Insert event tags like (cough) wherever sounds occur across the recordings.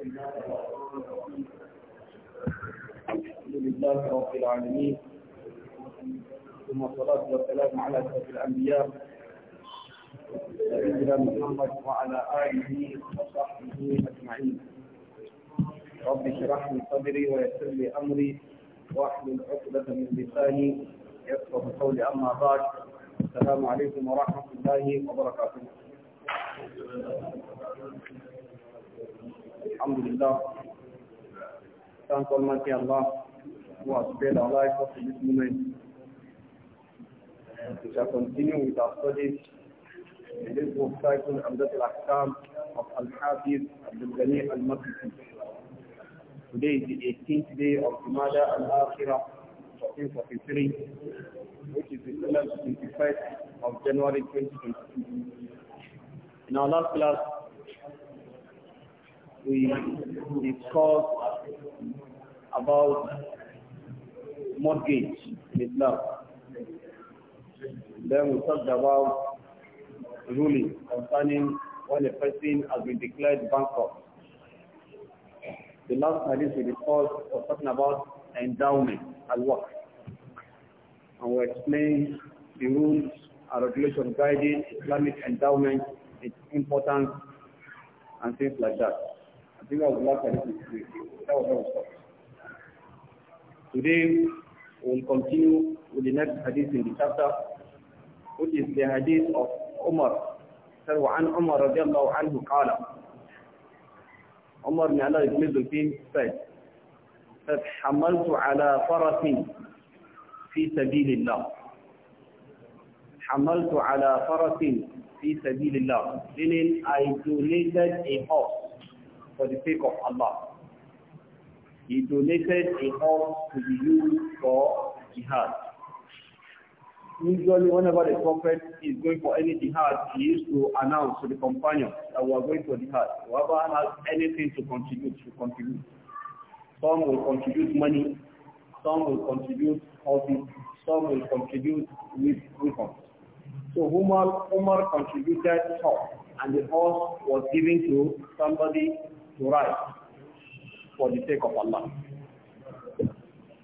الحمد لله رب العالمين ثم الصلاة والسلام على سيد الأنبياء سيدنا محمد وعلى آله وصحبه أجمعين رب اشرح لي صدري ويسر لي أمري واحلل عقدة من لساني يفقه قولي أما بعد السلام عليكم ورحمة الله وبركاته Alhamdulillah. Thank Almighty Allah who has spared our life up to this moment. We shall continue with our studies in this book titled "Abdul al-Ahkam of Al-Hafiz Abdul Ghani al-Makdisi. Today is the 18th day of Jumada al-Akhirah 1443, which is the 25th of January 2022. In our last class, we discussed about mortgage in Then we talked about ruling concerning when a person has been declared bankrupt. The last hadith we discussed was talking about endowment and work. And we explained the rules and regulations guiding Islamic endowment, its importance, and things like that. Today, we will Today, we'll continue with the next hadith in the chapter, which is the hadith of Umar. So, عن Umar رضي الله عنه قال عمر بن الله يتمز الدين said فحملت على فرسي في سبيل الله حملت على فرس في سبيل الله meaning I donated a horse for the sake of Allah. He donated a horse to be used for jihad. Usually whenever the prophet is going for any jihad, he used to announce to the companions that we are going for jihad. Whoever has anything to contribute, to contribute. Some will contribute money, some will contribute horses, some will contribute with weapons. So Umar, Umar contributed horse, and the horse was given to somebody to write for the sake of Allah.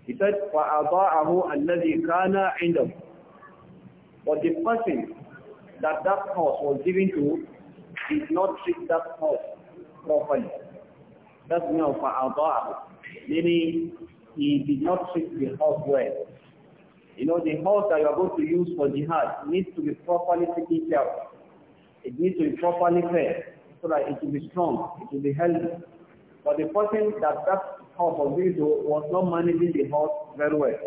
He said, فَأَضَاءَهُ الَّذِي كَانَ عِنْدَهُ But the person that that horse was given to did not treat that horse properly. That's now فَأَضَاءَهُ Meaning, he did not treat the horse well. You know, the horse that you are going to use for jihad needs to be properly taken care of. It needs to be properly fed so that it will be strong, it will be healthy. But the person that that horse was being was not managing the horse very well.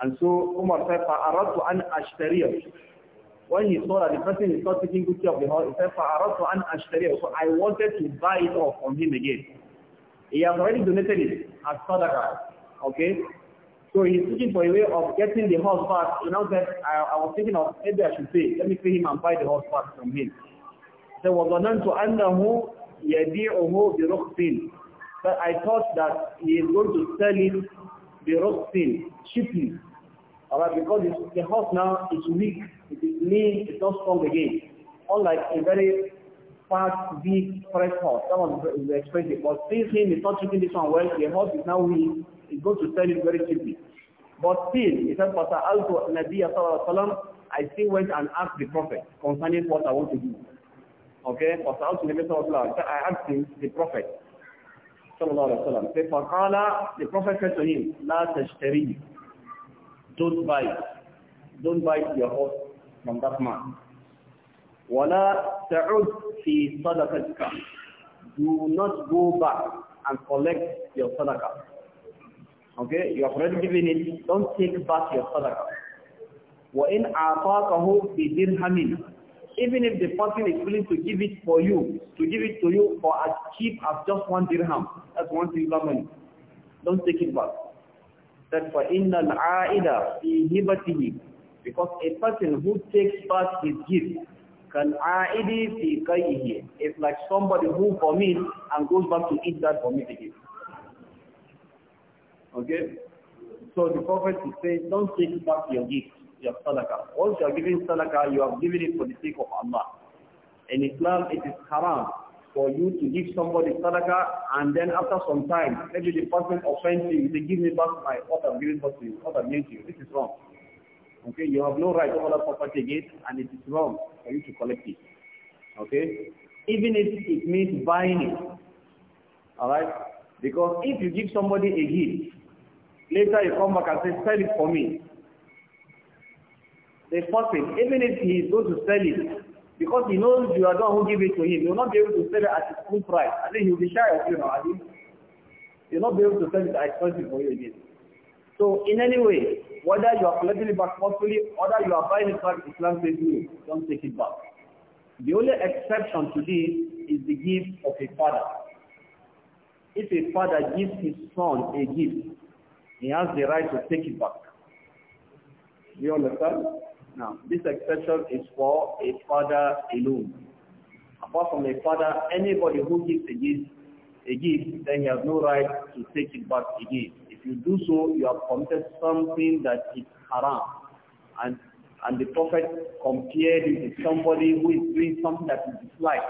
And so Umar said, فَأَرَدْتُ أَنْ أَشْتَرِيَهُ When he saw that the person is not taking good care of the horse, he said, فَأَرَدْتُ أَنْ أَشْتَرِيَهُ So I wanted to buy it off from him again. He has already donated it as sadaqah. Okay? So he's looking for a way of getting the horse back. You know that I, I was thinking of maybe I should pay. Let me pay him and buy the horse back from him. So, وَظَنَنْتُ أَنَّهُ يَبِيعُهُ بِرُخْصٍ But I thought that he is going to sell it برخصٍ cheaply. Alright, because the horse now is weak, it is lean, it's not strong again. Unlike a very fast, big, fresh horse. That one is expensive. But since him is not treating this one well, the horse is now weak, he's going to sell it very cheaply. But still, he said, Pastor Alto Nabi I still went and asked the Prophet concerning what I want to do. okay, فسألت النبي the الله of Allah. I asked him, the Prophet, Sallallahu الله عليه وسلم, say, فقال, the Prophet said to him, لا تشتري, don't buy, don't buy your horse from that man. ولا تعد في صدقتك, do not go back and collect your sadaqah. Okay, you have already given it, don't take back your sadaqah. وَإِنْ أَعْطَاكَهُ بِدِرْهَمٍ even if the person is willing to give it for you, to give it to you for as cheap as just one dirham, that's one silver money. Don't take it back. That for inna al-aida fi because a person who takes back his gift, can aidi fi kaihi, it's like somebody who for me and goes back to eat that for me to give. Okay? So the Prophet saying, don't take back your gift your sadaqah. Once you are giving sadaqah, you are giving it for the sake of Allah. In Islam, it is haram for you to give somebody sadaqah and then after some time, maybe the person offends you, they give me back my what I've given to you, what I've given to you. This is wrong. Okay, you have no right over that property again and it is wrong for you to collect it. Okay? Even if it means buying it. Alright? Because if you give somebody a gift, later you come back and say, sell it for me. a person, even if he is going to sell it, because he knows you are the one who give it to him, he will not be able to sell it at its full price. I think he will be shy of you now. he will not be able to sell it at expensive for you again. So in any way, whether you are collecting it back forcefully, whether you are buying it back, Islam says no, don't take it back. The only exception to this is the gift of a father. If a father gives his son a gift, he has the right to take it back. Do you understand? Now, this exception is for a father alone. Apart from a father, anybody who gives a gift, a gift, then he has no right to take it back again. If you do so, you have committed something that is haram. And and the prophet compared it with somebody who is doing something that is disliked.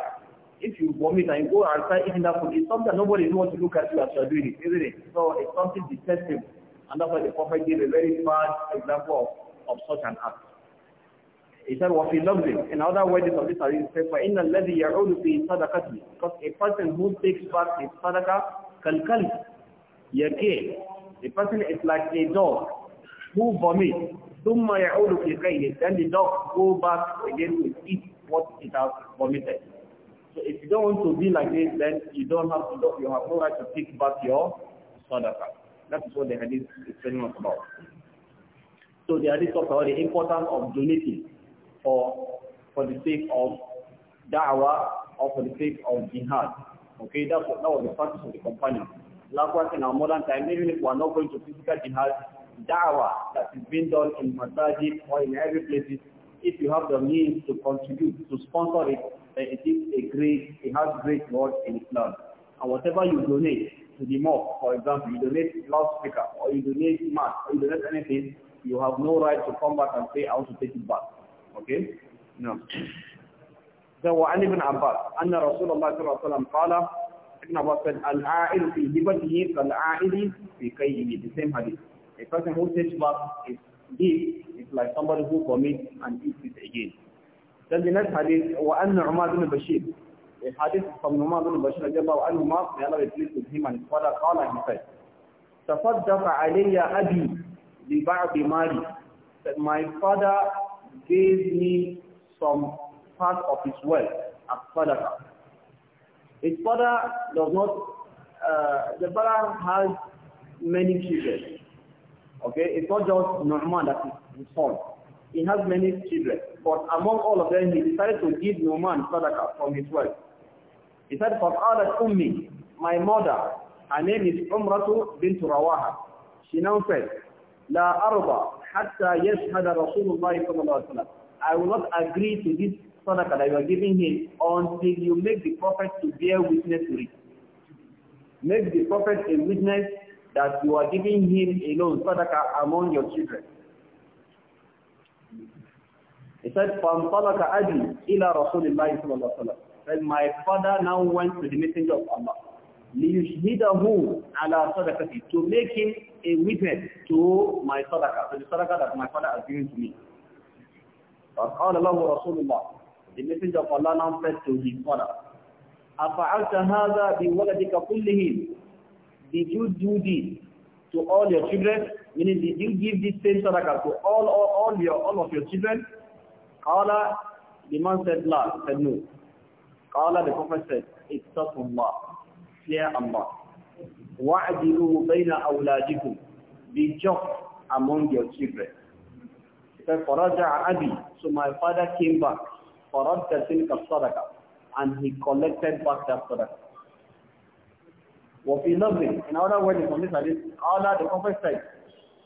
If you vomit and you go outside eating that food, it's something nobody wants to look at you as you're doing it, isn't it? So it's something detestable. And that's why the prophet gave a very bad example of, of such an act. He said, وَفِي لَفْزٍ In other words of this hadith, he said, فَإِنَّ الَّذِي يَعُودُ فِي صَدَقَتِهِ Because a person who takes back his sadaqah, كَالْكَلْ يَكِي A person is like a dog who vomits, ثُمَّ يَعُودُ فِي قَيْهِ Then the dog go back again to eat what it has vomited. So if you don't want to be like this, then you don't have to, you have no right to take back your sadaqah. That is what the hadith is telling us about. So the hadith talks about the importance of donating for for the sake of da'wah or for the sake of jihad. Okay, that's what, that was the practice of the companion. Likewise, in our modern time, even if we are not going to physical jihad, da'wah that is being done in masajid or in every places, if you have the means to contribute, to sponsor it, then it is a great, it has great reward in Islam. And whatever you donate to the mosque, for example, you donate loudspeaker or you donate mask or you donate anything, you have no right to come back and say, I want to take it back. اوكي نعم ذو علي بن عباس أن رسول الله صلى الله عليه وسلم قال ابن عباس said, العائل في هبته كالعائل في كيه The same hadith. A person who takes back his deed is like somebody who commits and eats it again. Then the next hadith, وأن عمر بن بشير a hadith from عمر بن بشير رضي الله anhuma, may Allah be pleased with him and his father, قال he said, تصدق عَلَيَّ أَبِي بِبَعْضِ مالي That my father gave me some part of his wealth as sadaqah. His father does not, uh, the father has many children. Okay, it's not just Norman that is his son. He has many children. But among all of them, he decided to give Norman sadaqah from his wealth. He said, فَقَالَتْ أُمِّي My mother, her name is Umratu bint Rawaha. She now said, La أَرْضَى hatta yashhada Rasulullah sallallahu alaihi wasallam. I will not agree to this sadaqah that you are giving him until you make the prophet to bear witness to it. Make the prophet a witness that you are giving him alone sadaqah among your children. He said, "From أَبِي إِلَى رَسُولِ اللَّهِ صَلَّى اللَّهُ عَلَيْhi وَسَلَّمَ My father now went to the messenger of Allah liyushhidahu ala sadaqati to make him a witness to my sadaqah to the sadaqah that my father has given to me فقال له رسول الله the messenger of Allah now said to his father أفعلت هذا بولدك كلهم did you do this to all your children meaning did you give this same sadaqah to all, all, all, your, all of your children قال the man said لا said no قال the prophet said "It's not اتقوا الله fear Allah. وَعَدِلُوا بَيْنَ أَوْلَادِكُمْ Be just among your children. فَرَجَعَ أَبِي So my father came back. فَرَدَّ تِلْكَ الصَّدَقَ And he collected back that sadaqah. وَفِي لَفْظٍ In other words, from this hadith, Allah the Prophet said,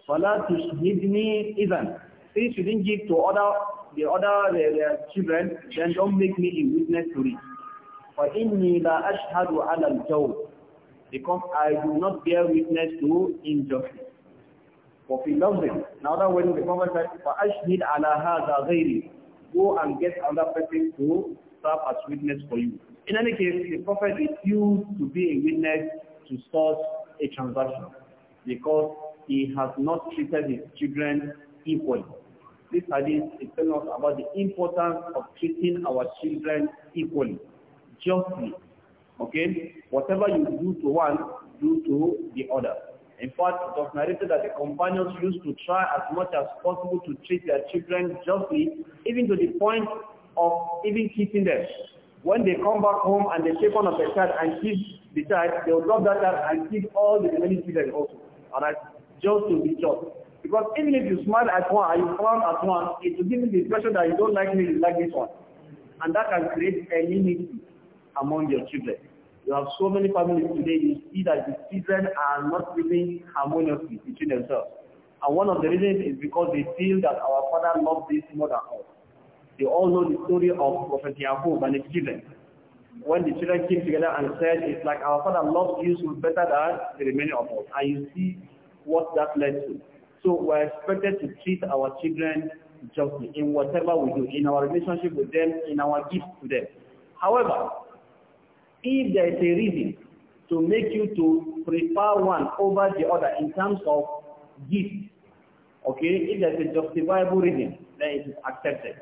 فَلَا تُشْهِدْنِي إِذًا Since you didn't give to other, the other the, the children, then don't make me a witness to it. فَإِنِّي لَا أَشْهَدُ عَلَى الْجَوْرِ Because I do not bear witness to injustice. وَفِي now that when the Prophet said, I عَلَى هَذَا غَيْرِ Go and get another person to serve as witness for you. In any case, the Prophet refused to be a witness to such a transaction because he has not treated his children equally. This hadith is telling us about the importance of treating our children equally justly. Okay? Whatever you do to one, do to the other. In fact, it was narrated that the companions used to try as much as possible to treat their children justly, even to the point of even kissing them. When they come back home and they take one of the child and kiss the child, they will drop that child and kiss all the remaining children also. Alright? Just to be just. Because even if you smile at one and you frown at one, it will give you the impression that you don't like me, you like this one. And that can create enmity among your children. You have so many families today, you see that the children are not living harmoniously between themselves. And one of the reasons is because they feel that our father loved this more than They all know the story of Prophet Yaqub and his children. When the children came together and said, it's like our father loves you so better than the remaining of us. And you see what that led to. So we're expected to treat our children justly in whatever we do, in our relationship with them, in our gifts to them. However, if there is a reason to make you to prefer one over the other in terms of gift, okay, if there is a justifiable reason, then it is accepted.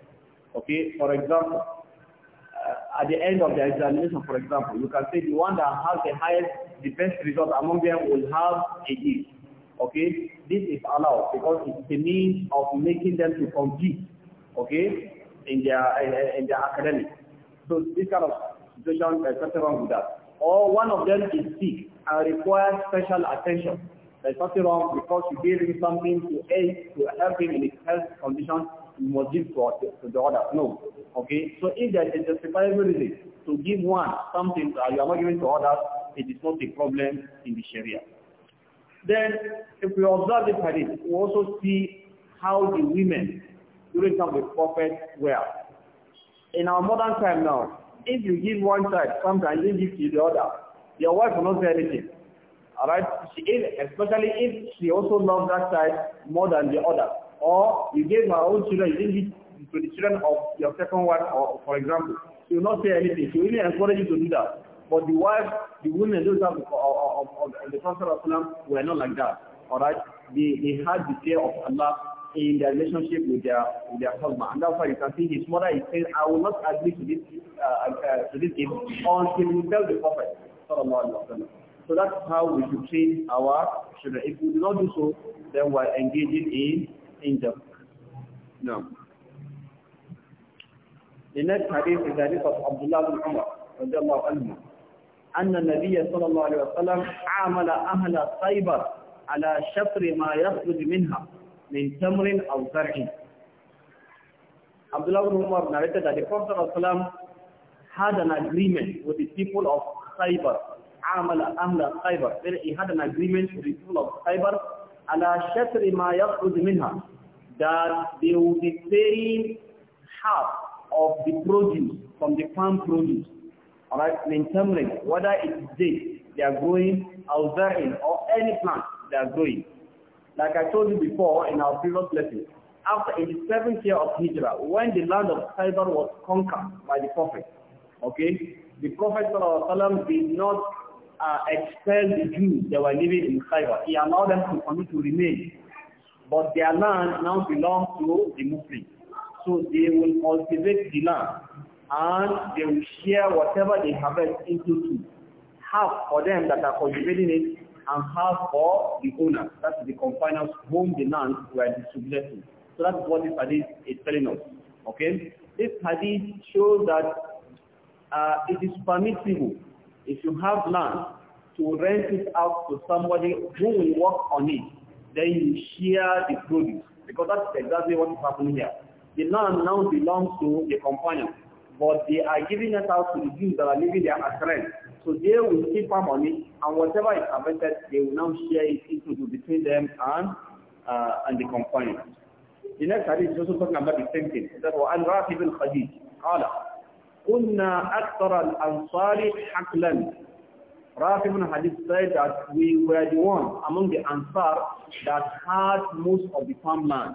Okay, for example, uh, at the end of the examination, for example, you can say the one that has the highest, the best result among them will have a gift. Okay, this is allowed because it's the means of making them to compete. Okay, in their in their academic. So this kind of situation, something with that. Or one of them is sick and requires special attention. There's nothing wrong because you gave him something to aid, to help him in his health condition, you must give to, to the other. No. Okay? So if there is a justifiable reason to give one something that you are not giving to others, it is not a problem in the Sharia. Then, if we observe the hadith, we also see how the women during time with Prophet were. In our modern time now, If you give one side, sometimes you give to the other. Your wife will not say anything. Alright? She Especially if she also loves that side more than the other. Or you gave her own children, you didn't give to the children of your second wife, or for example. She will not say anything. She will even encourage you to do that. But the wife, the women, those of, of, of, of the Prophet were not like that. Alright? They, they had the fear of Allah in their relationship with their with their husband. And that's why you can see his mother is saying, I will not agree to this uh, uh, to this gift until you tell the Prophet. So that's how we should train our children. If we do not do so, then we are engaging in in the No. The next hadith is the hadith of Abdullah bin Umar, radiallahu anhu. أن النبي صلى الله عليه وسلم عامل أهل خيبر على شطر ما يخرج منها min tamrin aw zar'in. Abdullah ibn Umar narrated that the Prophet ﷺ had an agreement with the people of Khaybar, Amala Amla Khaybar. Then he had an agreement with the people of Khaybar, ala shatri ma yakhruj minha, that they would be paying half of the produce from the farm produce. Alright, min tamrin, whether it's this they are growing, or or any plant they are growing. Like I told you before in our previous lesson, after in the seventh year of Hijrah, when the land of Khaybar was conquered by the Prophet, okay, the Prophet ﷺ did not uh, expel the Jews that were living in Khaybar. He allowed them to continue to remain. But their land now belongs to the Muslims. So they will cultivate the land and they will share whatever they harvest into two. Half for them that are cultivating it and half for the owner, that is the confiners whom the lands were distributed to. So that's what this hadith is telling us. Okay? This hadith shows that uh, it is permissible if you have land to rent it out to somebody who will work on it, then you share the produce. Because that's exactly what is happening here. The land now belongs to the companion, but they are giving it out to the Jews that are living there as rent. So they will keep our money, and whatever is harvested, they will now share it into between them and uh, and the companions. The next hadith is also talking about the same thing. That was an Rafi bin Khadij. قال كنا أكثر الأنصار حقلا Rafi bin Hadith said that we were the one among the Ansar that had most of the farmland.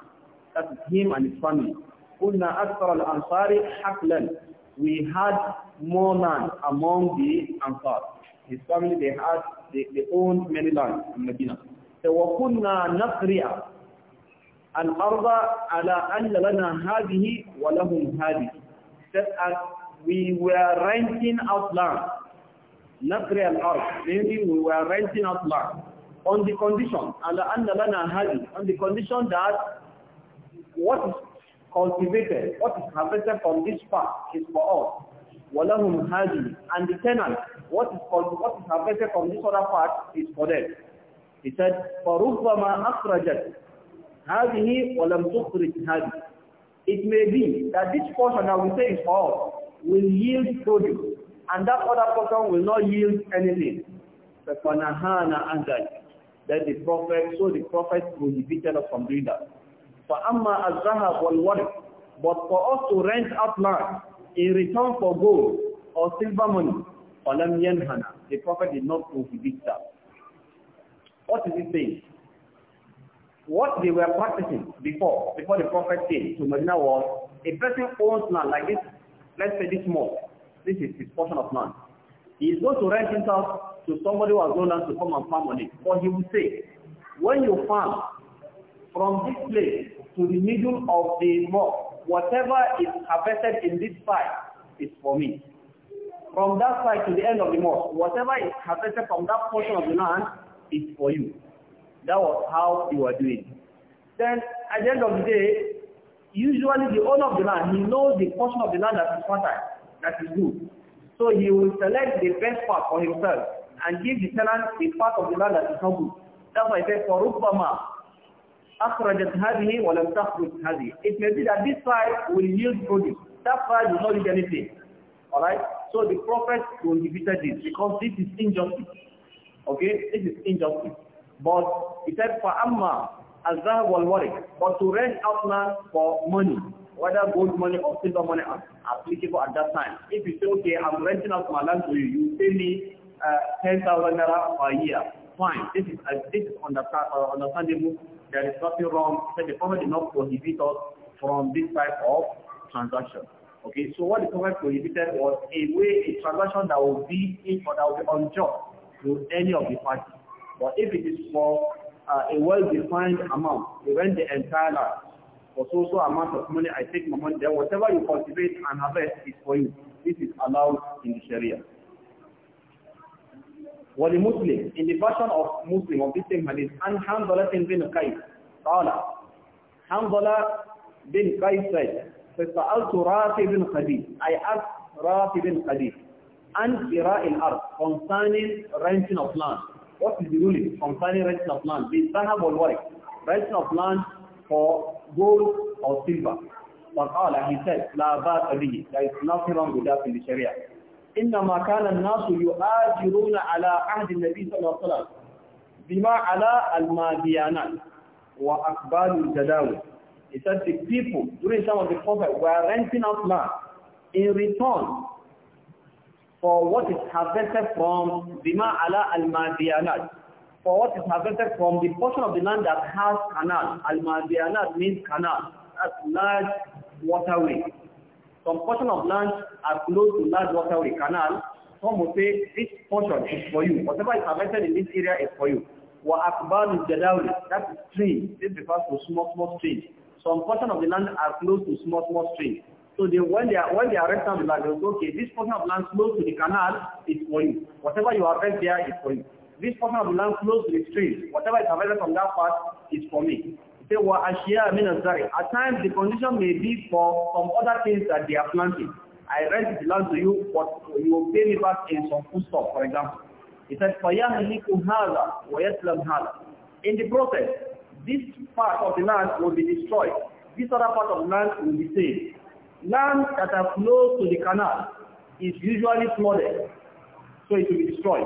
That is him and his family. كنا أكثر الأنصار حقلا we had more land among the Ansar. His family, they had, they, they owned many land in Medina. So وَكُنَّا نَقْرِعَ الْأَرْضَ عَلَىٰ أَنَّ لَنَا هَذِهِ وَلَهُمْ هَذِهِ That as we were renting out land, نَقْرِعَ الْأَرْض, meaning we were renting out land, on the condition, عَلَىٰ أَنَّ لَنَا هَذِهِ, on the condition that what is cultivated, what is harvested from this part is for us. وَلَهُمْ hadi And the tenant, what is, what is harvested from this other part is for them. He said, فَرُبَّمَا أَخْرَجَتْ هَذِهِ walam تُخْرِجْ hadi. It may be that this portion that we say is for us will yield produce, and that other portion will not yield anything. فَفَنَهَانَ أَنْ ذَلِكَ that the prophet, so the prophet prohibited us from doing that. فأما الذهب والورق but for us to rent out land in return for gold or silver money فلم ينهنا the prophet did not prohibit that what is he saying what they were practicing before before the prophet came to Medina was a person owns land like this let's say this mosque this is his portion of land he is going to rent himself to somebody who has no land to come and farm on it but he will say when you farm from this place to the middle of the mosque. Whatever is harvested in this side is for me. From that side to the end of the mosque, whatever is harvested from that portion of the land is for you. That was how you were doing. Then at the end of the day, usually the owner of the land, he knows the portion of the land that is fertile, that is good. So he will select the best part for himself and give the tenant the part of the land that is not good. That's why I said, for Rubbama, أخرجت هذه ولم تخرج هذه. It may be that this side will yield produce. That side will not yield anything. Alright? So the prophet prohibited this because this is injustice. Okay? This is injustice. But he said, فَأَمَّا الذهب والورق but to rent out land for money whether gold money or silver money are applicable at that time if you say okay i'm renting out my land to you you pay me uh, 10,000 naira per year fine this is uh, this is understand, uh, understandable there is nothing wrong. He said the government did not prohibit us from this type of transaction. Okay, so what the Prophet prohibited was a way, a transaction that will be or that will be unjust to any of the parties. But if it is for uh, a well-defined amount, even the entire land, for so so amount of money, I take my money, then whatever you cultivate and harvest is for you. This is allowed in the Sharia. ولمسلم in the version of Muslim of this same hadith عن حنظلة بن قيس قال حنظلة بن قيس said فسألت رافي بن خديج I asked رافي بن خديج عن شراء الأرض concerning renting of land what is the ruling concerning renting of land بالذهب والورق renting of land for gold or silver فقال he said لا بات به there is nothing wrong with that in the Sharia إنما كان الناس يؤاجرون على عهد النبي صلى الله ala al بما wa الماديانات وأقبال الجداول. He said the people during some of the prophet were renting out land in return for what is harvested from bima ala al-madianat for what is harvested from the portion of the land that has canal al-madianat means canal that's large waterway Some portion of land are close to large waterway canal. Some will say, this portion is for you. Whatever is harvested in this area is for you. Wa akbar jadawli, that is stream. This refers to small, small stream. Some portion of the land are close to small, small stream. So they, when they are when they are them, like they go, okay, this portion of land close to the canal is for you. Whatever you arrest there is for you. This portion of land close to the stream, whatever is available from that part is for me. They were ashia minazari. At times, the condition may be for some other things that they are planting. I rent the land to you, but you will pay me back in some food stock, for example. He said, فَيَهْلِكُ هَذَا وَيَسْلَمْ هَذَا In the process, this part of the land will be destroyed. This other part of the land will be saved. Land that are close to the canal is usually flooded, so it will be destroyed.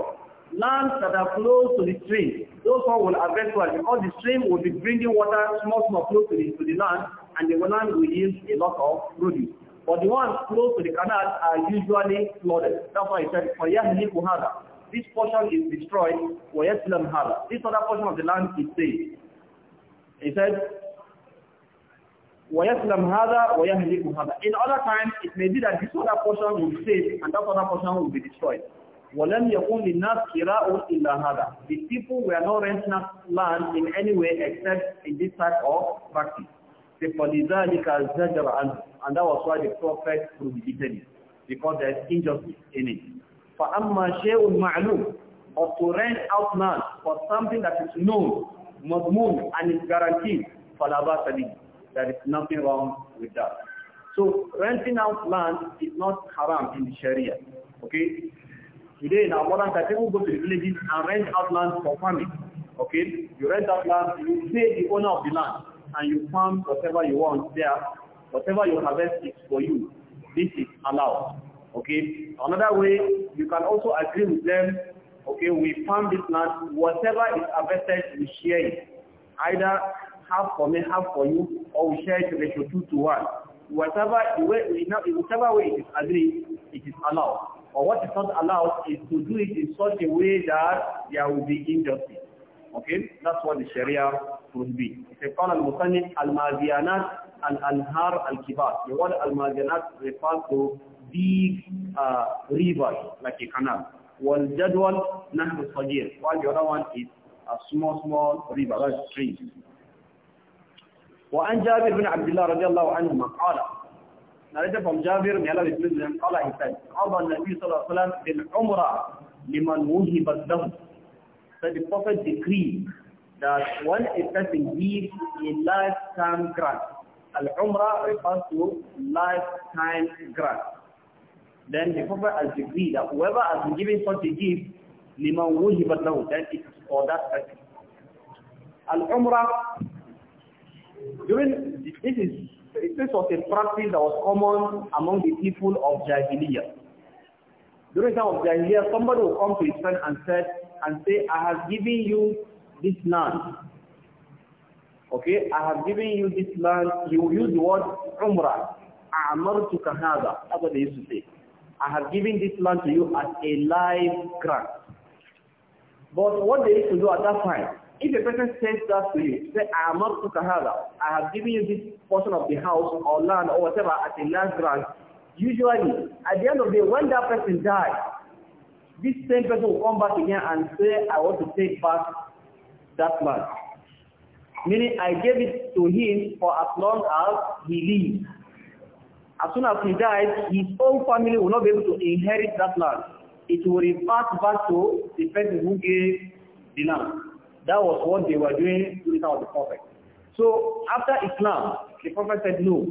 Land that are close to the stream those one will harvest well because the stream will be bringing water small, small close to the, to the land and the land will yield a lot of produce. But the ones close to the canal are usually flooded. That's why he said, فَيَهْلِكُ هَذَا This portion is destroyed, وَيَسْلَمْ This other portion of the land is saved. He said, وَيَسْلَمْ هَذَا وَيَهْلِكُ هَذَا In other times, it may be that this other portion will be saved and that other portion will be destroyed. وَلَمْ يَكُنْ لِلنَّاسِ كِرَاءٌ إِلَّا هَذَا The people were not renting land in any way except in this type of practice. The فَلِذَلِكَ زَجَرَ عَنْهُ And that was why the prophet prohibited it, because there is injustice in it. فَأَمَّا شَيْءٌ مَعْلُومٌ Or to rent out land for something that is known, madmoon, and is guaranteed, فَلَا بَاسَ There is nothing wrong with that. So renting out land is not haram in the Sharia. Okay? Today in our modern time, people go to the villages and rent out land for farming. Okay? You rent out land, you pay the owner of the land, and you farm whatever you want there. Whatever you harvest is for you. This is allowed. Okay? Another way, you can also agree with them, okay, we farm this land, whatever is harvested, we share it. Either half for me, half for you, or we share it ratio two to one. Whatever, whatever way it is agreed, it is allowed. Or what is not allowed is to do it in such a way that there will be injustice. Okay? That's what the Sharia would It's called al-Musanif al-Mazianat al-Anhar al-Kibar. The word al-Mazianat refers to big uh, rivers, like a canal. والجدول نهر الصغير while the other one is a small small river like a stream وعن جابر بن عبد الله رضي الله عنهما قال narrated from Jabir, may Allah be pleased with him, Allah he said, Abba Nabi Sallallahu Alaihi Wasallam bil umrah liman wuhibat lahu. the Prophet decreed that when a person gives a lifetime grant, Al-Umrah refers to lifetime grant. Then the Prophet has decreed that whoever has been given such a gift, liman wuhibat lahu, then it is for that person. Al-Umrah, during, this is this was a practice that was common among the people of Jahiliyyah. During the time of Jahiliyyah, somebody would come to his friend and said, and say, I have given you this land. Okay, I have given you this land. You use the word Umrah. to hada. That's what they used to say. I have given this land to you as a live grant. But what they used to do at that time, If a person says that to you, say, I am not Tukahada, I have given you this portion of the house or land or whatever as a land grant, usually, at the end of the day, when that person dies, this same person will come back again and say, I want to take back that land. Meaning, I gave it to him for as long as he lives. As soon as he dies, his own family will not be able to inherit that land. It will revert back to the person who gave the land. That was what they were doing during the the Prophet. So after Islam, the Prophet said, no.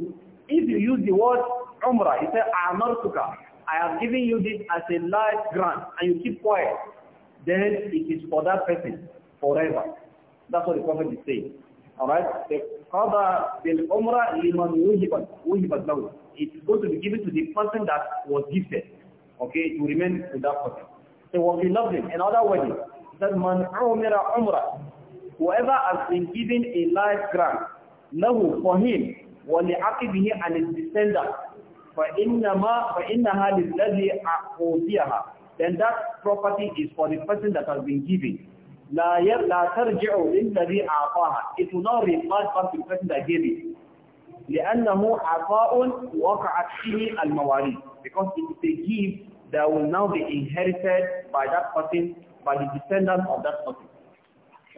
If you use the word Umrah, he said, Amartuka, I have given you this as a life grant, and you keep quiet, then it is for that person forever. That's what the Prophet is saying. Alright? Qadha bil umrah liman wuhibat, wuhibat It's going to be given to the person that was gifted. Okay? To remain with that person. So what we love him, another wedding. that man umira umrah. Whoever has been given a life grant, lahu for him, wa ولعقبه and his descendants, فإنما فإنها للذي أعطيها. Then that property is for the person that has been given. la لا لا ترجع للذي aqaha It will not revert back to the person that gave it. لأنه عطاء وقعت فيه المواريث. Because it is a gift that will now be inherited by that person by the descendants of that person.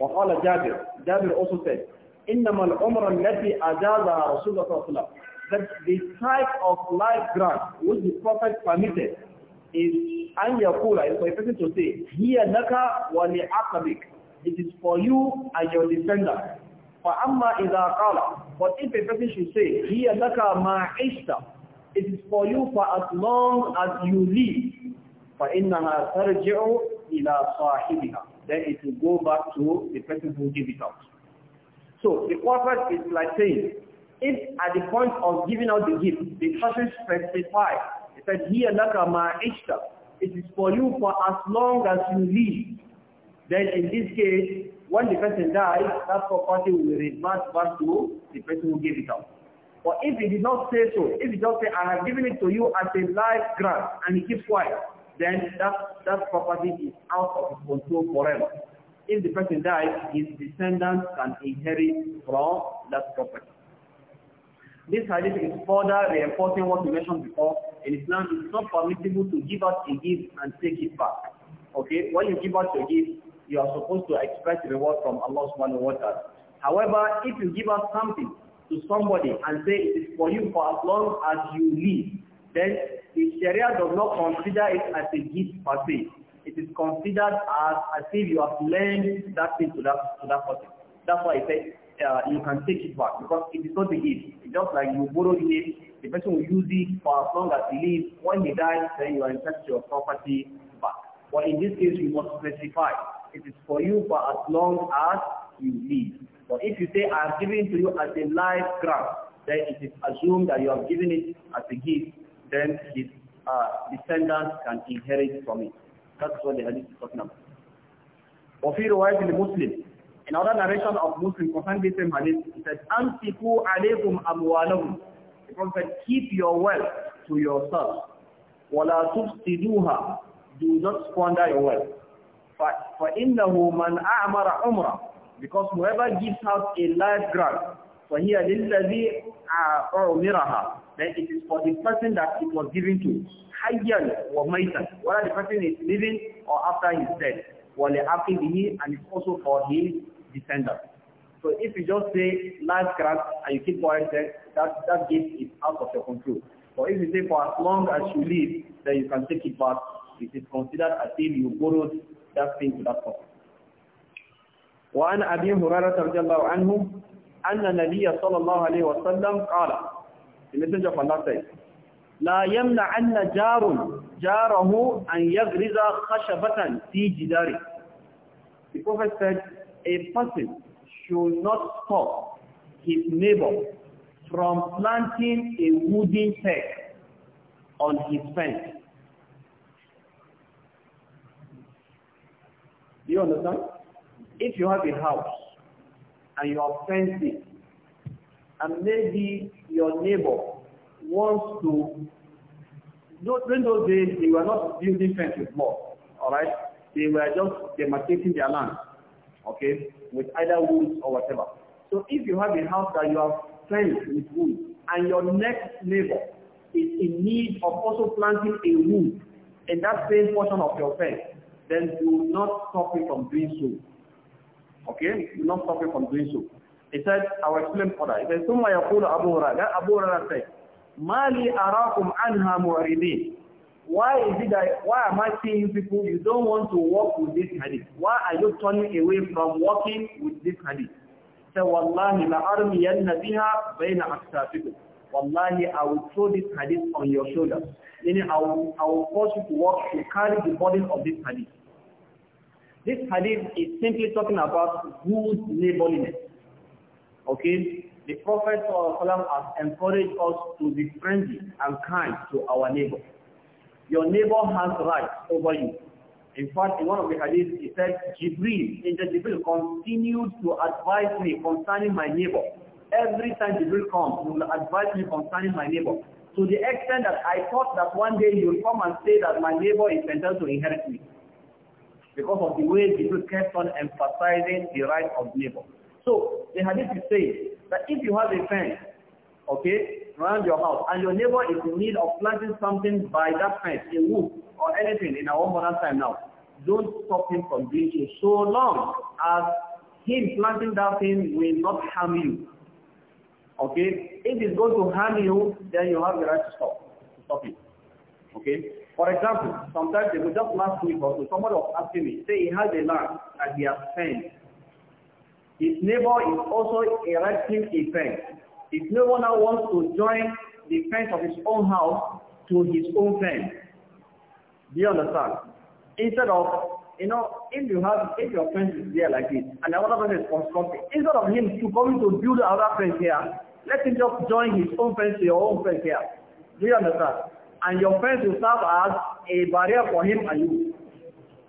وقال جابر Jabir also said إنما العمر التي أجازها رسول الله صلى الله that the type of life grant which the Prophet permitted is أن يقول is for a person to say هي لك ولعقبك it is for you and your descendants فأما إذا قال but if a person should say هي لك ما عشت it is for you for as long as you live فإنها ترجع ila sahibiha. Then it will go back to the person who gave it out. So the prophet is like saying, if at the point of giving out the gift, the person specifies, he said, here laka ma'ishta, it is for you for as long as you live. Then in this case, when the person dies, that property will revert back to the person who gave it out. But if he did not say so, if he just say, I have given it to you as a life grant, and he keeps quiet, then that, that property is out of control forever. If the person dies, his descendants can inherit from that property. This hadith is further reinforcing what we mentioned before. In Islam, it's not permissible to give out a gift and take it back. Okay, when you give out your gift, you are supposed to expect reward from Allah subhanahu wa ta'ala. However, if you give out something to somebody and say it is for you for as long as you live, then the Sharia does not consider it as a gift per se. It is considered as as if you have lent that thing to that to that person. That's why I said uh, you can take it back because it is not a gift. It's just like you borrow it, the person will use it for as long as he lives. When he dies, then you are entitled to your property back. But in this case, you must specify. It is for you for as long as you live. But if you say, I have given to you as a life grant, then it is assumed that you have given it as a gift then his uh, descendants can inherit from it. That's what the hadith is talking about. وفي رواية لمسلم In other narration of Muslim concerning this same hadith, it says, أَمْسِكُوا عَلَيْكُمْ أَمْوَالَهُمْ The Prophet said, keep your wealth to yourself. وَلَا تُفْسِدُوهَا Do not squander your wealth. فَإِنَّهُ مَنْ أَعْمَرَ عُمْرًا Because whoever gives out a life grant, فَهِيَ لِلَّذِي أُمِرَهَا Then it is for the person that it was given to. حَيًّا وَمَيْتًا Whether the person is living or after his death. وَلِعَقِبِهِ And it's also for his descendants. So if you just say life grant and you keep quiet, then that, that gift is out of your control. But if you say for as long as you live, then you can take it back. It is considered as if you borrowed that thing to that person. وعن أبي هريرة رضي الله عنه أن النبي صلى الله عليه وسلم قال The messenger of Allah لا يمنع أن جار جاره أن يغرز خشبة في جداره. The prophet said, a person should not stop his neighbor from planting a wooden peg on his fence. Do you understand? If you have a house and you are offensive, and maybe your neighbor wants to, during those days, they were not building fence with more, all right? They were just demarcating their land, okay, with either woods or whatever. So if you have a house that you have fenced with wood, and your next neighbor is in need of also planting a wood in that same portion of your fence, then do not stop him from doing so. Okay, you not stop him from doing so. He said, I will explain further. He said, ثم يقول أبو هريرة. Then Abu Hurairah said, ما لي أراكم عنها معرضين. Why is it that, why am I seeing people you don't want to walk with this hadith? Why are you turning away from walking with this hadith? He said, والله لأرمين بها بين أكتافكم. Wallahi, I will throw this hadith on your shoulders. Meaning, I will, I will force you to walk, to carry the burden of this hadith. This hadith is simply talking about good neighborliness. Okay? The Prophet has encouraged us to be friendly and kind to our neighbor. Your neighbor has rights over you. In fact, in one of the hadiths, he said, Jibril, the Jibril continued to advise me concerning my neighbor. Every time Jibril comes, he will advise me concerning my neighbor. To the extent that I thought that one day he will come and say that my neighbor is entitled to inherit me because of the way people kept on emphasizing the right of neighbor. So the hadith is saying that if you have a fence, okay, around your house, and your neighbor is in need of planting something by that fence, a wood or anything in our modern time now, don't stop him from doing so, so long as him planting that thing will not harm you. Okay? If it's going to harm you, then you have the right to stop, to stop it. Okay? For example, sometimes they go just last week or so, somebody was asking me, say he has a land that he has fenced. His neighbor is also erecting a fence. His neighbor now wants to join the fence of his own house to his own fence. Do you understand? Instead of, you know, if you have, if your fence is there like this, and another person is constructing, instead of him to coming to build another fence here, let him just join his own fence to your own fence here. Do you understand? and your friends will serve as a barrier for him and you.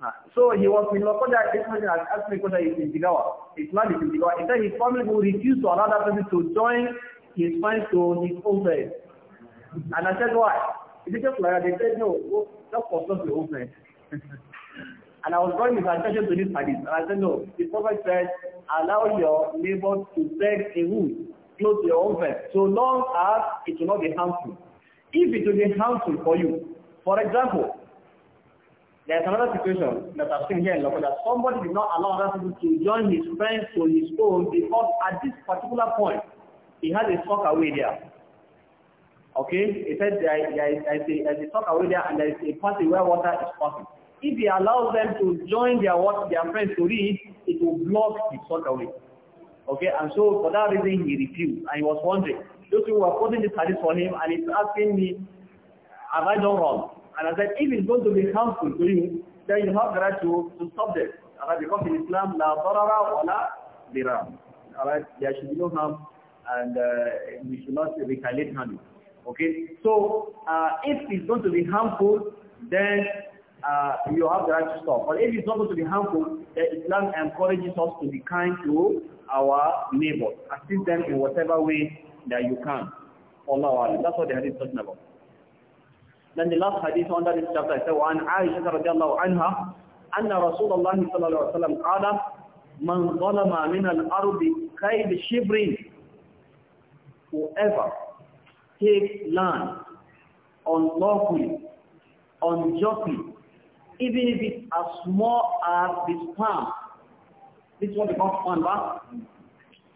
Ah, so he was in Lokoja, this person has asked me Koda is in Jigawa. Islam is in Jigawa. In fact, his family will refuse to allow that person to join his friends to his own friends. And I said, why? Is it just like that? They said, no, go, just consult your own friends. (laughs) and I was drawing his attention to this hadith. And I said, no, the prophet said, allow your neighbor to beg a wood close to your own friend, so long as it will not be harmful if it will be harmful for you. For example, there is another situation that I've seen here in Loko that somebody did not allow other people to join his friends to his own because at this particular point, he had a sock away there. Okay? He said there, there, is, there, is a, there is a sock away there and there is a party where water is passing. If he allows them to join their what their friends to read, it will block the sock away. Okay? And so for that reason, he refused and he was wondering, those who were quoting this hadith for him and he's asking me, have I done wrong? And I said, if it's going to be harmful to you, then you have the right to, to stop this. All right, because in Islam, la darara wa la dira. All right, there should be no harm and uh, we should not retaliate harm. Okay, so uh, if it's going to be harmful, then uh, you have the right to stop. But if it's not going to be harmful, then Islam encourages us to be kind to our neighbor, assist them in whatever way that you can. Allah That's what the hadith is talking about. Then the last hadith under this chapter is وعن عائشة رضي الله عنها أن رسول الله صلى الله عليه وسلم قال من ظلم من الأرض كيد شبر whoever takes land unlawfully, unjustly, even if it's as small as this palm, this one becomes palm, but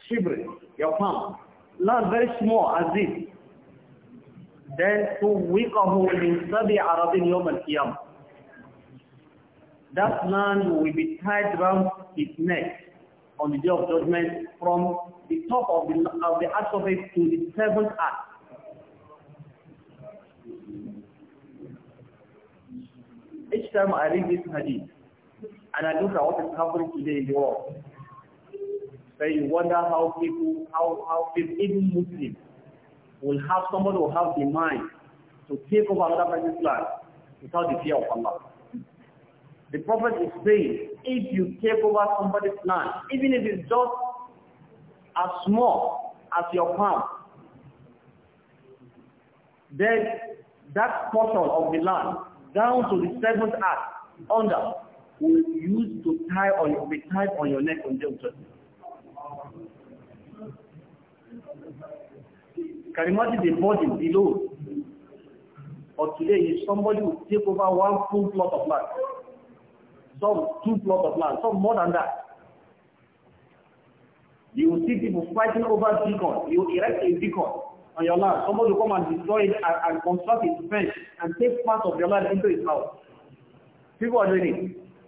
shibri, your palm, not very small as this, then tuwiqahu min sabi arabin yawm al-qiyam. That man will be tied round his neck on the day of judgment from the top of the, of the arch of it to the seventh arch. Each time I read this hadith and I look at what is happening today in the world, then you wonder how people, how, how people, even Muslims, will have someone who have the mind to take over another person's life without the fear of Allah. The Prophet is saying, if you take over somebody's land, even if it's just as small as your palm, then that portion of the land down to the seventh act under will use to tie on will be tied on your neck on judgment. Karimot is a body below. But today, if somebody will take over one full plot of land, some two plot of land, some more than that, you will see people fighting over beacon. You erect a beacon on your land. Somebody will come and destroy it and, and construct its fence and take part of your land into his house. People are doing it.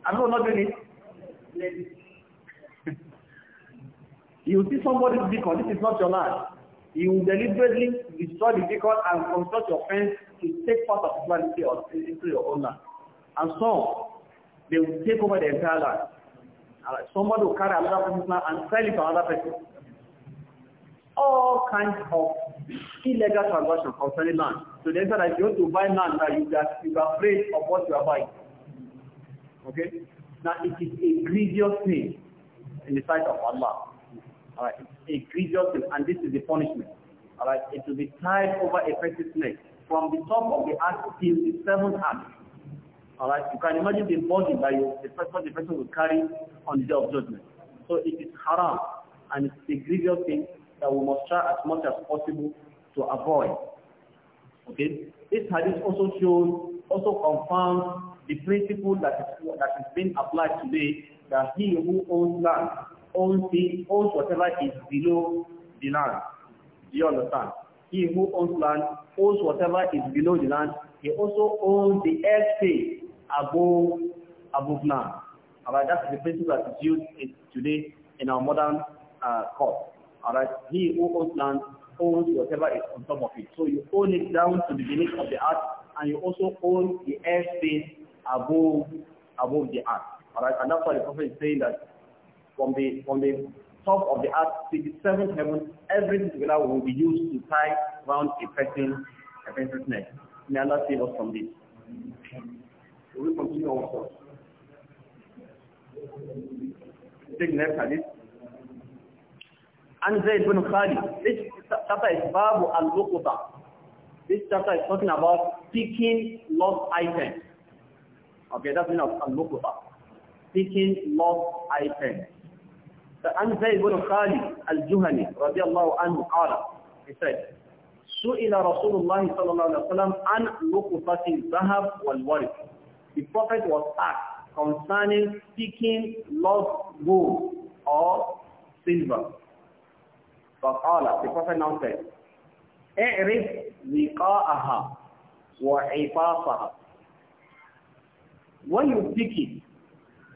I know, not doing it. (laughs) you will see somebody's beacon. This is not your land. He will deliberately destroy the vehicle and construct your friends to take part of equality or into your own land. And so, they will take over the entire land. Right. Somebody will carry another person's land and sell it to another person. All kinds of illegal transactions concerning land. So the answer is you want to buy land that you are, you are afraid of what you are buying. Okay? Now it is a grievous thing in the sight of Allah. All right, it egregious sin, and this is the punishment. All right, it will be tied over a person's neck from the top of the ark till the seventh ark. All right, you can imagine the burden that you, the person, the person will carry on the day of judgment. So it is haram, and it's a grievous thing that we must try as much as possible to avoid. Okay, this hadith also shows, also confirms the principle that is, has been applied today that he who owns land owns it, owns whatever is below the land. Do you understand? He who owns land owns whatever is below the land. He also owns the airspace above above land. Alright, that's the principle that is used today in our modern uh, court. Alright, he who owns land owns whatever is on top of it. So you own it down to the beneath of the earth, and you also own the airspace above above the earth. Alright, and that's why the Prophet is saying that from the from the top of the earth to the seventh heaven, everything together will be used to tie round a person a person's neck. May Allah save us from this. Will we continue also? Take next hadith. And Zayd bin Khalid. This chapter is Babu al-Luqta. This chapter is talking about picking lost items. Okay, that's meaning of al-Luqta. Picking lost items. فعن زيد بن خالد الجهني رضي الله عنه قال سئل رسول الله صلى الله عليه وسلم عن لقطة الذهب والورق the prophet was asked concerning seeking lost gold or silver فقال the prophet now said اعرف ذقاءها وعفاصها when you pick it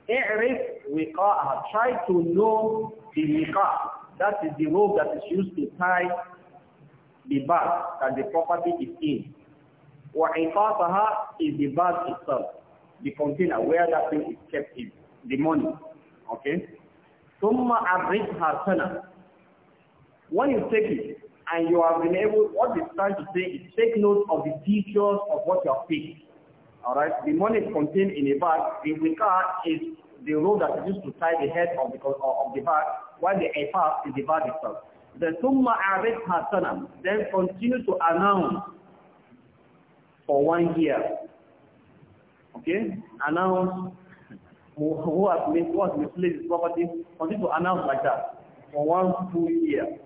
I'rif wiqa'ah. Try to know the wiqa'ah. That is the rope that is used to tie the bag that the property is in. Wa'iqataha is the bag itself, the container where that thing is kept in, the money. Okay? Summa arrifha sana. When you take it, and you have been able, what it's trying to say is take note of the features of what you are taking. Alright, the money is contained in a bag. The wiqar is the rope that is used to tie the head of the, of the bag, while the ifar is the bag itself. The summa abid hasanam then continue to announce for one year. Okay, announce (laughs) who, has mis who has misled his property, continue to announce like that for one full year.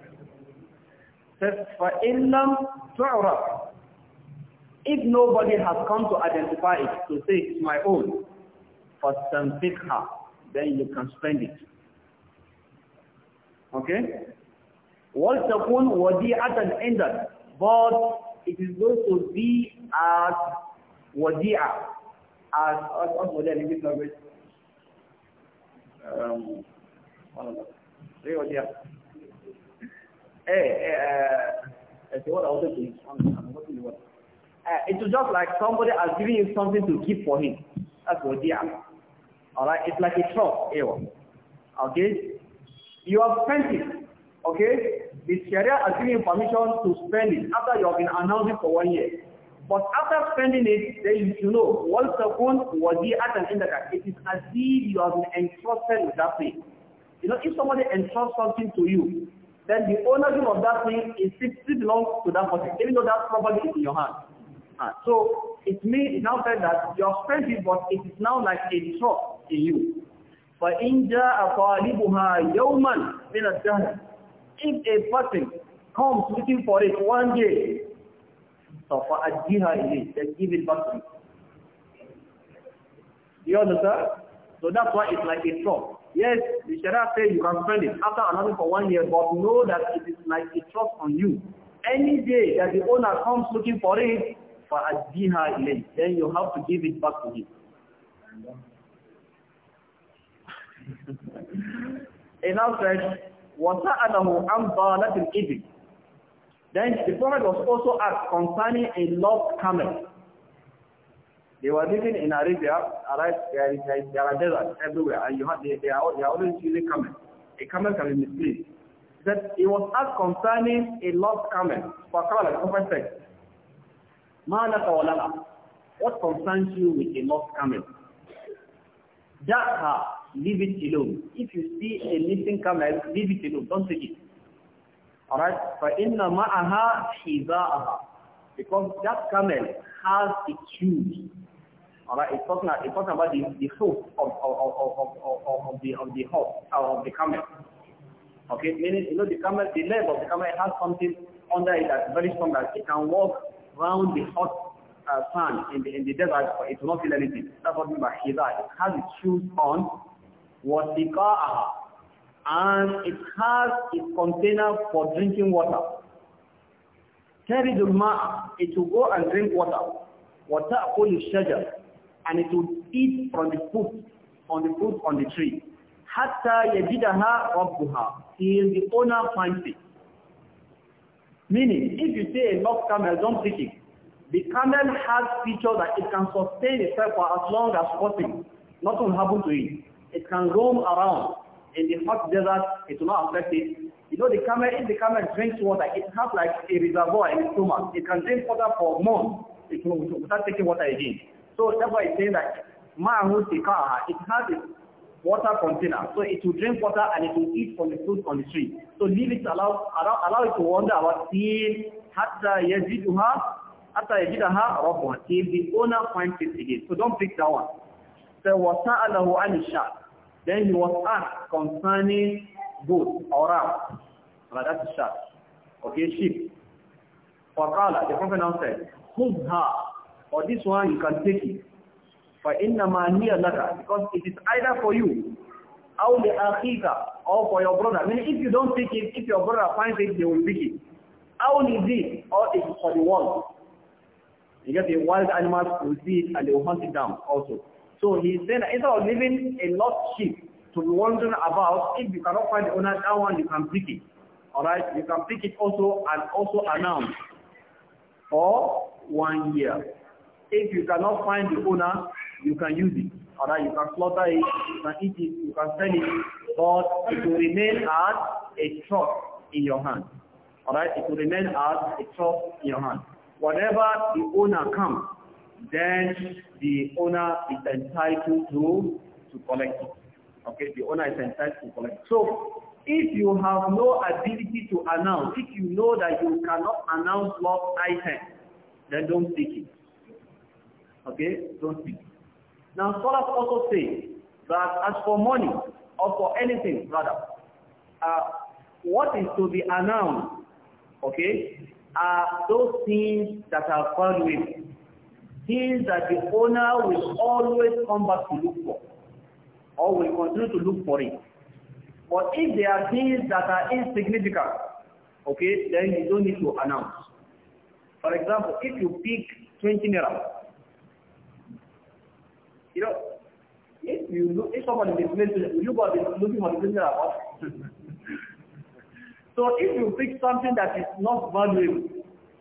Says فَإِنْ لَمْ تُعْرَفْ if nobody has come to identify it, to say it's my own, for some fikha, then you can spend it. Okay? وَلْتَكُنْ وَدِيعَةً عِنْدَكَ But it is going to be as wadi'a, as, as, as wadi'a me English language. Um, Say wadi'a. Eh, eh, eh, eh, what I was saying, I'm not the one. uh, it is just like somebody has given you something to keep for him. That's what they are. Alright, it's like a trust, eh? Okay? You have spent it. Okay? The Sharia has given you permission to spend it after you have been announcing for one year. But after spending it, then you should know, once upon was the at an indicator, It is as if you have been entrusted with that thing. You know, if somebody entrusts something to you, then the ownership of that thing is still belongs to that person, even though that property is in your hand. heart. So it means now says that you have spent but it is now like a trust in you. فَإِنْ جَاءَ طَالِبُهَا If a person comes looking for it one day, so for a إِلَيْهِ Then give it back to You understand? So that's why it's like a trust. Yes, the Sharia says you can spend it after another for one year, but know that it is like a trust on you. Any day that the owner comes looking for it, فَأَدِّهَا إِلَيْهِ Then you have to give it back to him. In our said, وَسَأَلَهُ عَنْ ضَالَةِ الْإِبِلِ Then the Prophet was also asked concerning a lost camel. They were living in Arabia, Arabia there, there, there are deserts everywhere, and you have, they, they, are, they are always using camel. A camel can be misplaced. That it was asked concerning a lost camel. Fakala, the Prophet said, what concerns you with a lost camel? That her, leave it alone. If you see a missing camel, leave it alone. Don't take it. Alright? فَإِنَّ مَعَهَا حِذَاءَهَا Because that camel has a tube. Alright? It's talking, it's talking about the, the hoof of, of, of, of, of, the, of the hoof uh, of the camel. Okay? Meaning, you know, the camel, the leg of the camel has something under it that's very strong that it can walk Around the hot uh, sun in the, in the desert, it will not feel anything. That's what we mean by hida. It has its shoes on, wasiqa'aha, and it has its container for drinking water. Taridul ma'a, it will go and drink water. وَتَأْكُلُ الشَّجَرَ And it will eat from the fruit, on the fruit on the tree. حَتَّى يَجِدَهَا رَبُّهَا Till the owner finds it. Meaning, if you see a mock camel, don't treat it. The camel has feature that it can sustain itself for as long as possible. Nothing will happen to it. It can roam around. In the hot desert, it will not affect it. You know, the camel, if the camel drinks water, it has like a reservoir in its stomach. It can drink water for months without taking water again. So that's why it's saying that, man car. it has its water container. So it will drink water and it will eat from the fruit on the tree. So leave it, allow, allow, allow it to wander about till hatta yajiduha, hatta yajidaha rabbuha, till the owner finds it again. So don't pick that one. So wasa'alahu anisha. Then he was asked concerning goat or ram. Right, that's shark. Okay, sheep. Allah, the Prophet now said, khudha, or this one you can take it. فَإِنَّمَا هِيَ لَكَ Because it is either for you, أَوْ لِأَخِيكَ Or for your brother. Meaning if you don't take it, if your brother finds it, they will pick it. أَوْ لِذِي Or it is for the world. You get the wild animals will see it and they will hunt it down also. So he is saying that instead of leaving a lost sheep to be wandering about, if you cannot find the owner, that one you can pick it. All right, You can pick it also and also announce for one year. If you cannot find the owner, you can use it. Alright, you can slaughter it, you can eat it, you can sell it, but it will remain as a trust in your hand. Alright, it will remain as a trust in your hand. Whatever the owner comes, then the owner is entitled to, to collect it. Okay, the owner is entitled to collect. So, if you have no ability to announce, if you know that you cannot announce lost item, then don't speak. it. Okay, don't speak. it. Now scholars also say that as for money, or for anything rather, uh, what is to be announced, okay, are those things that are found with, things that the owner will always come back to look for, or will continue to look for it. But if there are things that are insignificant, okay, then you don't need to announce. For example, if you pick 20 naira You know, if you look, if someone is influential, you got looking for the prisoner about. (laughs) so if you pick something that is not valuable,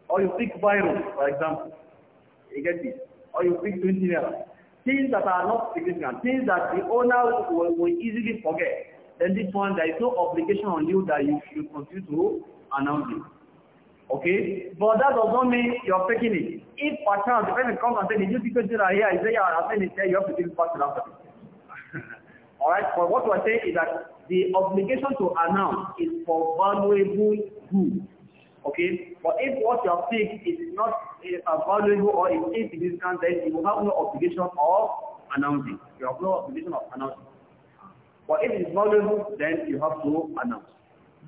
or you pick viral, for example, you get this, or you pick 20 naira, things that are not significant, things that the owner will, will easily forget, then this one, there is no obligation on you that you should continue to announce it. Okay? But that does not mean you're faking it. If per chance the person comes and says, did you pick a jira here? I say, yeah, I'm saying it there, you have to give it back to that person. (laughs) Alright? But what we're saying is that the obligation to announce is for valuable goods. Okay? But if what you're have is not eh, uh, valuable or is insignificant, then you will have no obligation of announcing. You have no obligation of announcing. But if it's valuable, then you have to announce.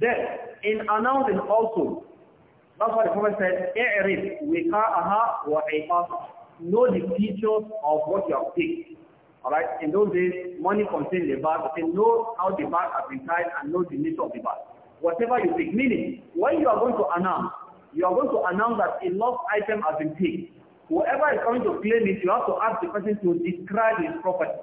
Then, in announcing also, That's why the Prophet said, "I'rif wika'aha wa iqasaha." Know the features of what you have picked. All right. In those days, money contained the bag. Okay, know how the bag has been tied and know the nature of the bag. Whatever you pick. Meaning, when you are going to announce, you are going to announce that a lost item has been picked. Whoever is going to claim it, you have to ask the person to describe his property.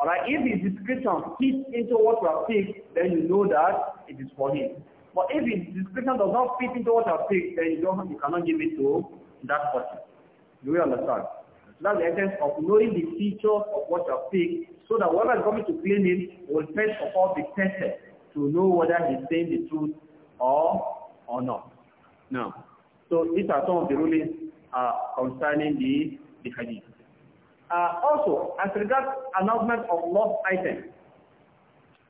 All right. If his description fits into what you have picked, then you know that it is for him. But if the description does not fit into what I've picked, then you, don't, you cannot give it to that person. Do you understand? That's the essence of knowing the features of what you speak, picked so that whoever is coming to claim it will first of all be tested to know whether he's saying the truth or or not. Now, so these are some of the rulings uh, concerning the, the hadith. Uh, also, as regards announcement of lost items,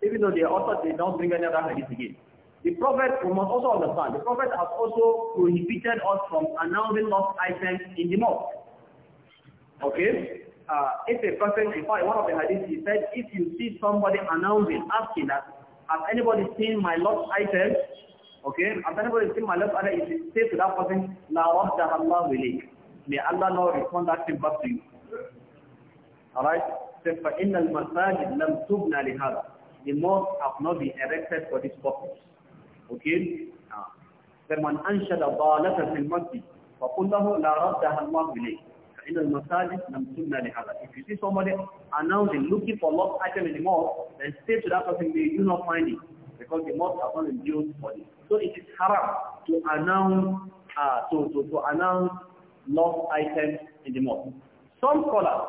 even though the author did not bring any other hadith again, the Prophet, we must also understand, the Prophet has also prohibited us from announcing lost items in the mosque. Okay? Uh, if a person, in fact, one of the hadiths, he said, if you see somebody announcing, asking that, has anybody seen my lost item? Okay? Has anybody seen my lost item? If you say to that person, La rabdaha Allah wilik. May Allah now return that thing back to you. Alright? The mosques have not been erected for this purpose. اوكي فمن انشد ضالته في المسجد فقل له لا ردها الله اليه فان المساجد لم تبنى لهذا if you see somebody announcing looking for lost item in the mosque then say to that person you do not find it because the mosque has not been built for it so it is haram to announce uh, to, to, to announce lost items in the mosque some scholars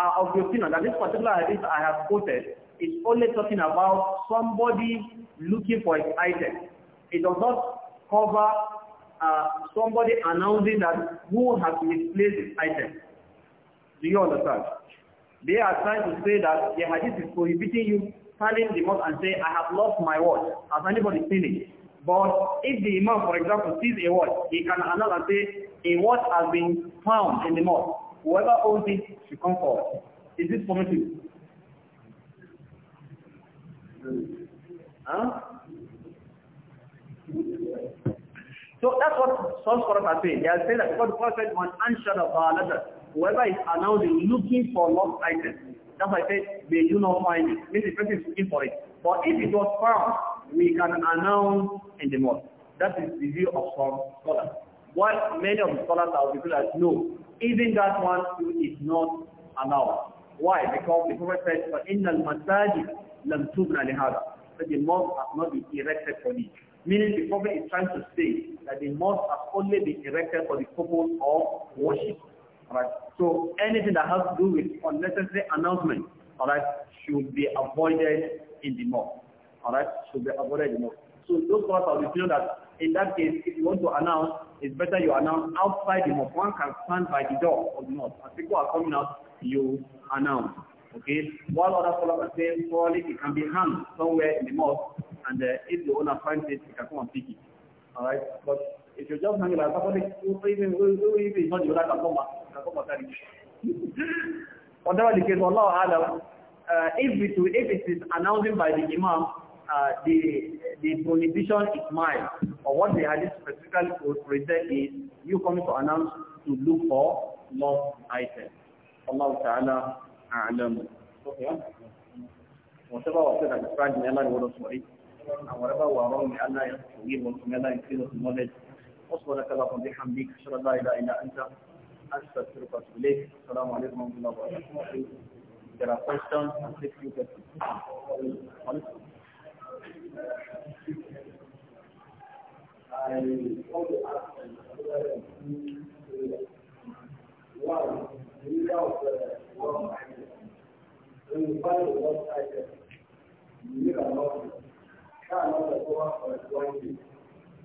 are of the opinion that this particular hadith I have quoted is only talking about somebody looking for an item. It does not cover uh, somebody announcing that who has misplaced his item. Do you understand? They are trying to say that the hadith is prohibiting you standing the mosque and say, I have lost my watch. Has anybody seen it? But if the imam, for example, sees a watch, he can announce and say, a watch has been found in the mosque. Whoever owns it should come forward. Is this permissible? So that's what some scholars are saying. They are saying that because the Prophet was unsure of our letter, whoever is announcing looking for lost items, that's why I said, may you not find it. Means the person is looking for it. But if it was found, we can announce in the mosque. That is the view of some scholars. What many of the scholars are people that no, even that one is not allowed. Why? Because the Prophet said, the الْمَسَاجِدِ لم تبنى لهذا So the mosque has not been erected for this. Meaning the prophet is trying to say that the mosque has only been erected for the purpose of worship. Alright. So anything that has to do with unnecessary announcement, alright, should be avoided in the mosque. Alright, should be avoided in the mosque. So those of us the feel that in that case, if you want to announce, it's better you announce outside the mosque. One can stand by the door of the mosque. As people are coming out, you announce. Okay? While other scholars are saying probably it can be hung somewhere in the mosque, and uh, if the owner finds it, he can come and pick it. All right? But if you just hang it like somebody, even who, it's not your life, can come back, can come back carry Whatever the case, Allah Alam, uh, if, it, if it is announced by the Imam, uh, the the prohibition is mild, or what the hadith specifically present is you coming to announce to look for lost items. Allah Ta'ala أعلم وسبا وسبا تفاجئ من الله ورسوله صحيح وربا وأرون أن لا يستويل وأن لا يكفيد في المولد وصبرك اللهم بحمدك أشهد لا إله إلا أنت أستغفرك وأتوب إليك السلام عليكم ورحمة الله وبركاته There are questions and six questions. I want to ask one, the leader when you find the lost item, you need an offering. That another over for one day.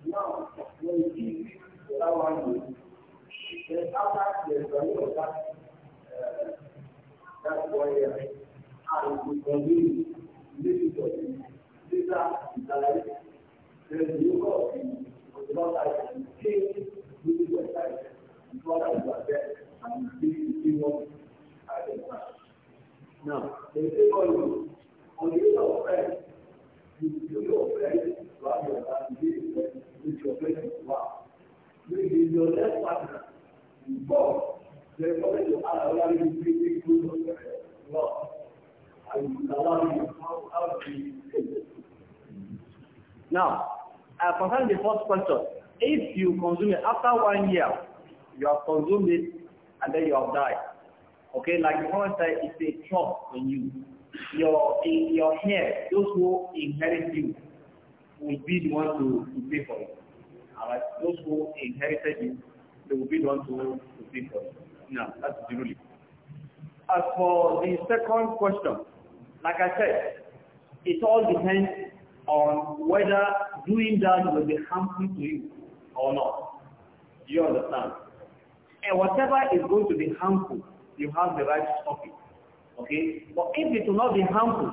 Now, when you give it for that one day, then after the value of that, uh, that one year, and you continue, this is what you These are the salaries. There is the yoke of the lost item. Change, this is what item. Before that, you are dead, and this is the one item. Now, they say for oh, you, you your friend, you do your friend you are with your friend wow. your left partner, you go. They forget to allow you to be your friend. love. And allow you how how Now, uh, concerning the first question, if you consume it after one year, you have consumed it and then you have died. Okay, like the Quran said, it's a trust on you. Your in your hair, those who inherit you will be the one to, to pay for it. Alright, those who inherited you, they will be the one to, to pay for it. No, that's the ruling. As for the second question, like I said, it all depends on whether doing that will be harmful to you or not. Do you understand? And whatever is going to be harmful you have the right to stop Okay? But if it will not be harmful,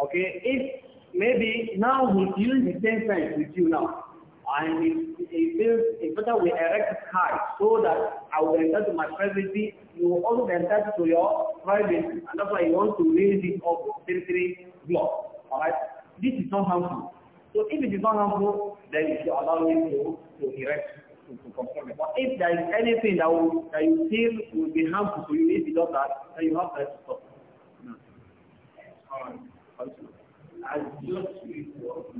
okay, if maybe now he uses the same fence with you now, and he, he feels it's better we erect a high so that I will enter to my privacy, you will also enter to your privacy, and that's why you want to raise it up territory block. Alright? This is not harmful. So if it is not harmful, then you should allow him to, to erect But if there is anything that, will, that you feel will be harmful to you if you do that, then you have to stop. No. I just read what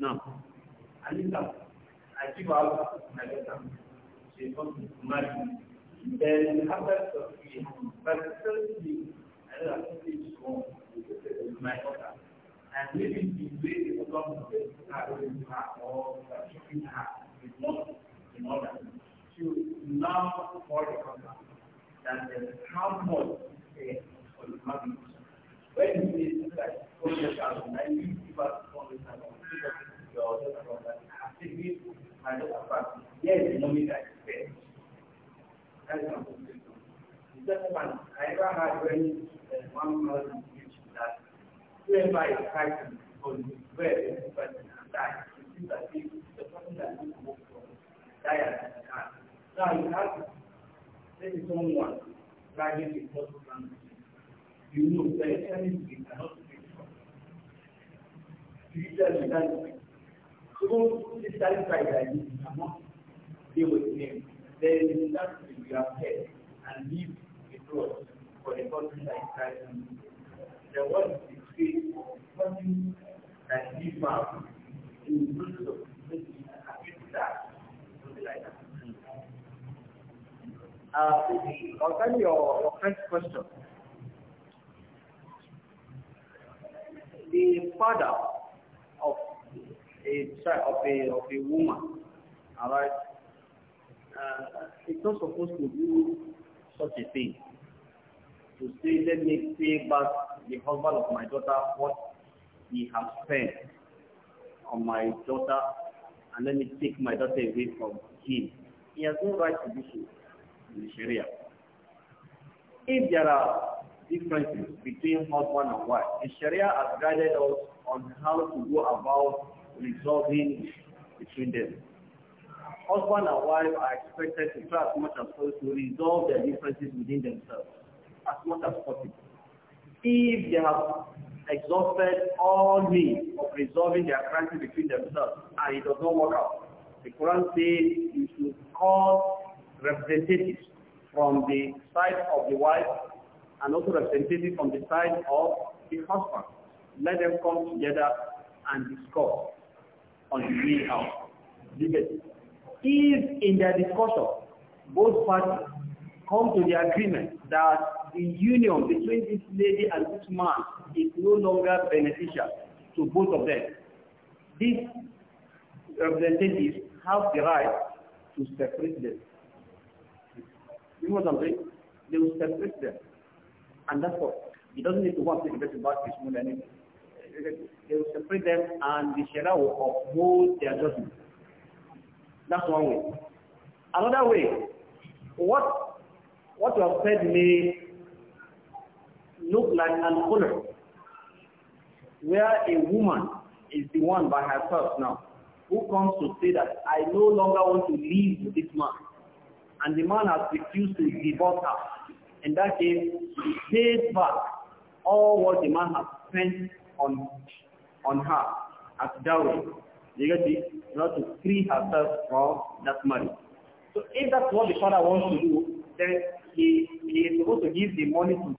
No. I think that I think out my daughter. She comes Then after the but the thing, I don't know, I think wrong. My daughter and living in the government are going have or should have in order to love for the country than the how much is for the money. When you say that project out and then you give us all this type of your daughter that I think it my daughter back. Yes, the money that is there. That's not good. The second one, I ever had when one person whoever is fighting on his way to person and die, it seems as if the person that is moved from die at his Now you have this is someone driving You know that anything cannot be from. Spiritually, that is so this satisfied that you cannot deal with him. you have heard and leave the cross for the person that is driving The create that in of that. Uh, concerning your, your first question, the father of a child of a of a woman, all right, uh, is not supposed to do such a thing to say, let me pay back the husband of my daughter what he has spent on my daughter, and let me take my daughter away from him. He has no right to do so in Sharia. If there are differences between husband and wife, the Sharia has guided us on how to go about resolving between them. Husband and wife are expected to try as much as possible to resolve their differences within themselves as much as possible. If they have exhausted all means of resolving their crisis between themselves and it does not work out, the Quran says you should call representatives from the side of the wife and also representatives from the side of the husband. Let them come together and discuss on the way out. If in their discussion both parties come to the agreement that the union between this lady and this man is no longer beneficial to both of them. These representatives have the right to separate them. You know something? They will separate them. And that's what. It doesn't need to go and take the back to Ishmael anymore. They will separate them and the Sharia will uphold their judgment. That's one way. Another way, what what you have said may look like an khulr, where a woman is the one by herself now, who comes to say that I no longer want to live with this man, and the man has refused to divorce her. In that case, she pays back all what the man has spent on on her as dowry. You get it? In order to free herself from that money. So if that's what the father wants to do, then he, he is supposed to give the money to